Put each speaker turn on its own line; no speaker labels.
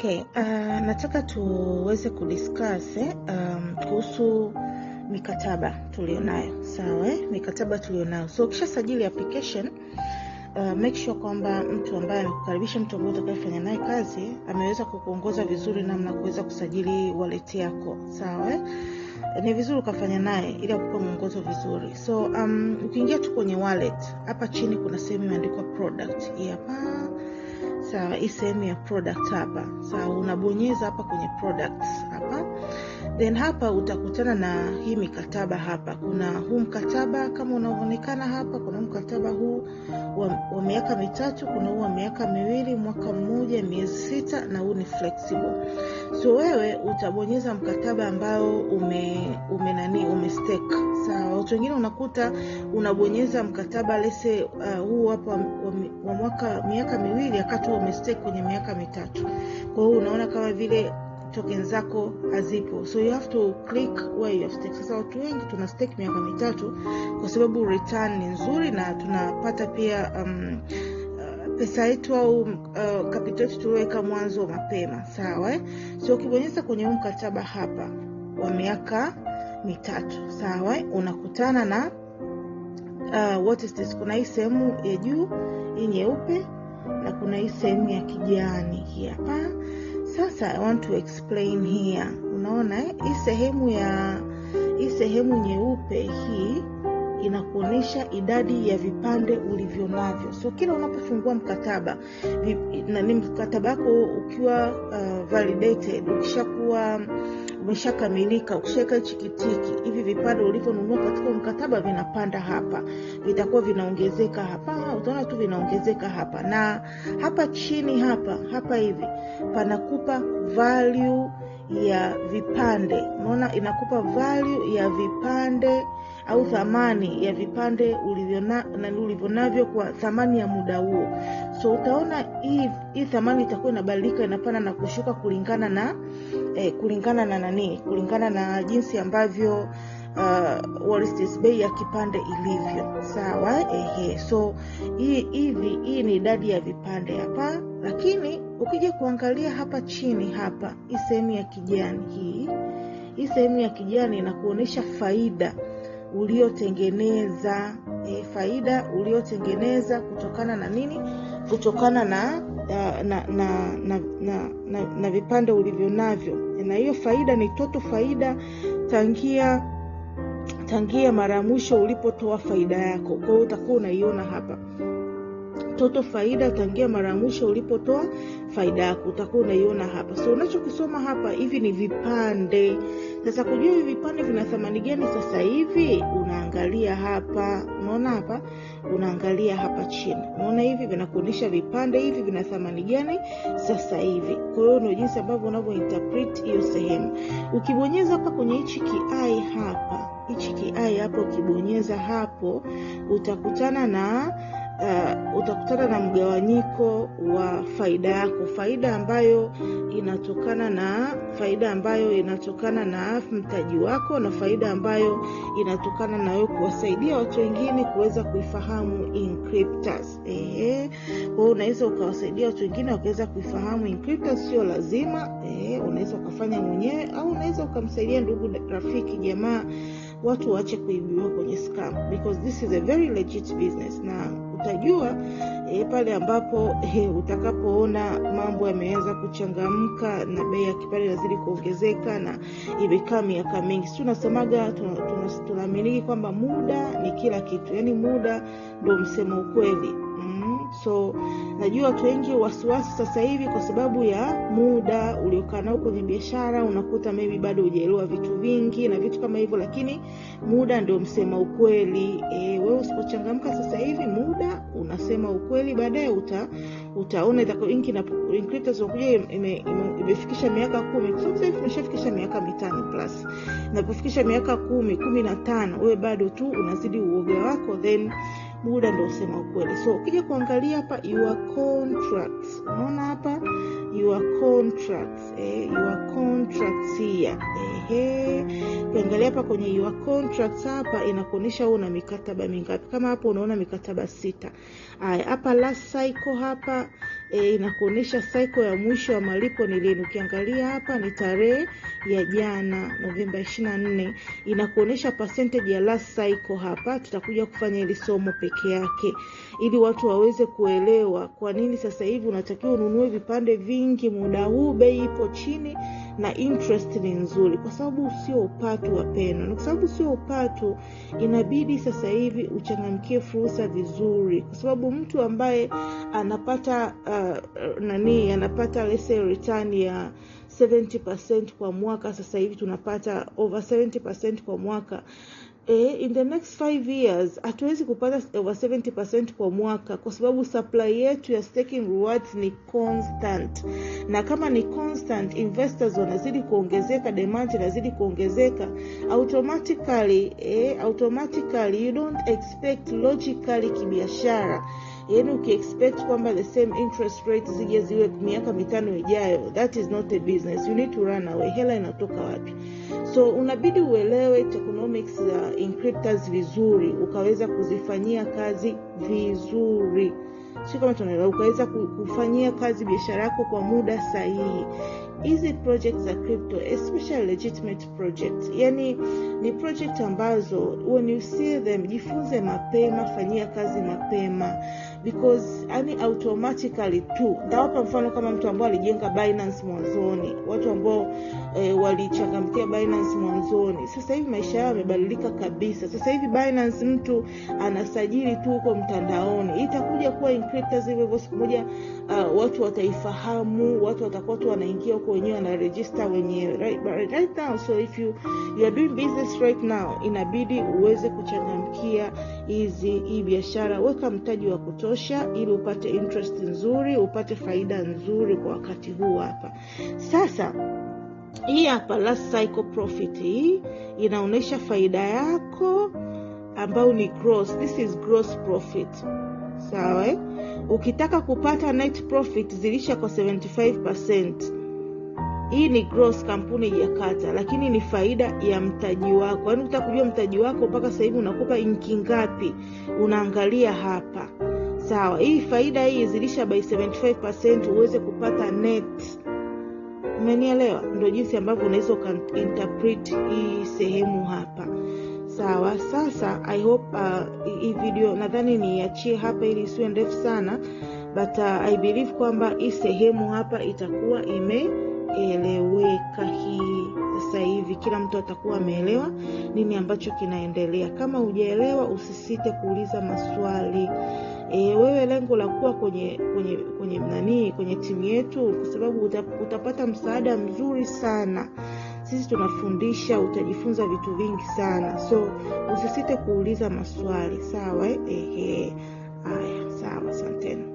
Okay, uh, nataka tuweze kudiscuss um, kuhusu mikataba tulionayo. Sawa, eh? mikataba tulionayo. So sajili application uh, make sure kwamba mtu ambaye anakukaribisha, mtu ambaye utakayefanya naye kazi ameweza kukuongoza vizuri namna kuweza kusajili wallet yako. Sawa, eh? ni vizuri ukafanya naye ili akupe mwongozo vizuri. So um, ukiingia tu kwenye wallet hapa chini kuna sehemu imeandikwa product hapa. Yeah, Sawa, hii sehemu ya product hapa. Sawa, unabonyeza hapa kwenye products hapa, then hapa utakutana na hii mikataba hapa. Kuna huu mkataba kama unaonekana hapa, kuna mkataba huu wa miaka mitatu, kuna huu wa miaka miwili, mwaka mmoja, miezi sita, na huu ni flexible so wewe utabonyeza mkataba ambao ume, ume nani umestake sawa. Watu wengine unakuta unabonyeza mkataba lese uh, huu hapa wa mwaka miaka miwili, akati umestek kwenye miaka mitatu. Kwa hiyo unaona kama vile token zako hazipo, so you have to click where you have stake. Sasa watu wengi tuna stake miaka mitatu kwa sababu return ni nzuri na tunapata pia um, pesa yetu au uh, kapito yetu tulioweka mwanzo mapema, sawa eh? So ukibonyeza kwenye huu mkataba hapa wa miaka mitatu, sawa eh? Unakutana na uh, what is this? Kuna hii sehemu ya juu hii nyeupe na kuna hii sehemu ya kijani hii hapa. Sasa I want to explain here, unaona eh? hii sehemu ya hii sehemu nyeupe hii inakuonyesha idadi ya vipande ulivyo navyo. So kila unapofungua mkataba na ni mkataba wako ukiwa uh, validated, ukishakuwa umeshakamilika, ukishaweka hichi kitiki, hivi vipande ulivyonunua katika mkataba vinapanda hapa, vitakuwa vinaongezeka hapa, ah, utaona tu vinaongezeka hapa na hapa chini hapa hapa hivi panakupa value ya vipande. Unaona, inakupa value ya vipande au thamani ya vipande ulivyo navyo kwa thamani ya muda huo. So utaona hii hii thamani itakuwa inabadilika, inapanda na kushuka kulingana na eh, kulingana na nani, kulingana na jinsi ambavyo uh, bei ya kipande ilivyo. Sawa, ehe. So hii hivi, hii ni idadi ya vipande hapa lakini ukija kuangalia hapa chini, hapa hii sehemu ya kijani hii hii sehemu ya kijani inakuonyesha faida uliotengeneza e, faida uliotengeneza kutokana na nini? Kutokana na na na, na, na, na, na, na vipande ulivyo navyo, na hiyo faida ni toto faida tangia tangia mara ya mwisho ulipotoa faida yako. Kwa hiyo utakuwa unaiona hapa mtoto faida tangia mara ya mwisho ulipotoa faida yako, utakuwa unaiona hapa. So unachokisoma hapa hivi ni vipande. Sasa kujua hivi vipande vina thamani gani sasa hivi, unaangalia hapa, unaona hapa, unaangalia hapa chini, unaona hivi vinakuonyesha vipande hivi vina thamani gani sasa hivi. Kwa hiyo ndio jinsi ambavyo unavyointerpret hiyo sehemu. Ukibonyeza hapa kwenye hichi kiai hapa hichi kiai hapo, ukibonyeza hapo utakutana na uh, utakutana na mgawanyiko wa faida yako, faida ambayo inatokana na faida ambayo inatokana na mtaji wako na faida ambayo inatokana na wewe kuwasaidia watu wengine kuweza kuifahamu Inkryptus. Ehe, kwa hiyo unaweza ukawasaidia watu wengine wakaweza kuifahamu Inkryptus, sio lazima. Ehe, unaweza ukafanya mwenyewe au unaweza ukamsaidia ndugu, rafiki, jamaa watu waache kuibiwa kwenye scam because this is a very legit business na utajua e, pale ambapo e, utakapoona mambo yameweza kuchangamka na bei ya kipale inazidi kuongezeka na imekaa miaka mingi si tunasemaga tunaaminiki kwamba muda ni kila kitu yaani muda ndo msemo ukweli So najua watu wengi wasiwasi sasa hivi kwa sababu ya muda uliokaa nao kwenye biashara, unakuta maybe bado hujaelewa vitu vingi na vitu kama hivyo, lakini muda ndio msema ukweli. E, wewe usipochangamka sasa hivi, muda unasema ukweli, baadaye uta, utaona itakapokuja imefikisha miaka kumi. Sasa hivi umeshafikisha miaka mitano plus, napofikisha miaka kumi kumi na tano, wewe bado tu unazidi uoga wako then muda ndio usema ukweli. So ukija kuangalia hapa your contracts, unaona hapa your contracts eh, your contracts here eh, ukiangalia hapa kwenye your contracts hapa inakuonyesha una mikataba mingapi. Kama hapo unaona mikataba sita. Haya hapa last cycle hapa e, inakuonyesha cycle ya mwisho ya malipo ni lini. Ukiangalia hapa ni tarehe ya jana Novemba 24, inakuonyesha percentage ya last cycle. Hapa tutakuja kufanya ili somo peke yake ili watu waweze kuelewa kwa nini sasa hivi unatakiwa ununue vipande vingi muda huu, bei ipo chini na interest ni nzuri, kwa sababu sio upato wa pendo na kwa sababu sio upato, inabidi sasa hivi uchangamkie fursa vizuri, kwa sababu mtu ambaye anapata uh, nani anapata lese return ya 70% kwa mwaka, sasa hivi tunapata over 70% kwa mwaka eh, in the next five years hatuwezi kupata over 70 kwa mwaka kwa sababu supply yetu ya staking rewards ni constant na kama ni constant investors wanazidi kuongezeka demand inazidi kuongezeka automatically, eh, automatically you don't expect logically kibiashara yani ukiexpect kwamba the same interest rate zije ziwe miaka mitano ijayo that is not a business you need to run away hela inatoka wapi so unabidi uelewe economics za encryptors vizuri ukaweza kuzifanyia kazi vizuri si kama tunaelewa ukaweza kufanyia kazi biashara yako kwa muda sahihi hizi project za crypto especially legitimate project yani ni project ambazo when you see them jifunze mapema fanyia kazi mapema because yani automatically tu ndawapa mfano kama mtu ambao alijenga binance mwanzoni watu ambao eh, walichangamkia binance mwanzoni sasa hivi maisha yao yamebadilika kabisa sasa hivi binance mtu anasajili tu huko mtandaoni itakuja kuwa encrypted hivyo hivyo siku moja uh, watu wataifahamu watu watakuwa tu wanaingia huko wako wenyewe register wenyewe right, but right now so if you, you are doing business right now inabidi uweze kuchangamkia hizi hii biashara weka mtaji wa kutosha ili upate interest nzuri upate faida nzuri kwa wakati huu hapa sasa hii hapa last cycle profit hii inaonyesha faida yako ambayo ni gross this is gross profit sawa eh? ukitaka kupata net profit zilisha kwa 75 hii ni gross, kampuni ijakata, lakini ni faida ya mtaji wako. Yaani ukitaka kujua mtaji wako mpaka sasa hivi unakopa inki ngapi, unaangalia hapa, sawa. Hii faida hii zilisha by 75% uweze kupata net. Umenielewa? Ndio jinsi ambavyo unaweza ukainterpret hii sehemu hapa. Sawa, sasa I hope uh, hii video nadhani niachie hapa ili isiwe ndefu sana, but uh, I believe kwamba hii sehemu hapa itakuwa ime kueleweka hii sasa hivi, kila mtu atakuwa ameelewa nini ambacho kinaendelea. Kama hujaelewa, usisite kuuliza maswali. E, wewe lengo la kuwa kwenye kwenye kwenye nani kwenye timu yetu, kwa sababu utapata msaada mzuri sana. Sisi tunafundisha, utajifunza vitu vingi sana, so usisite kuuliza maswali, sawa? Ehe, haya, sawa, santena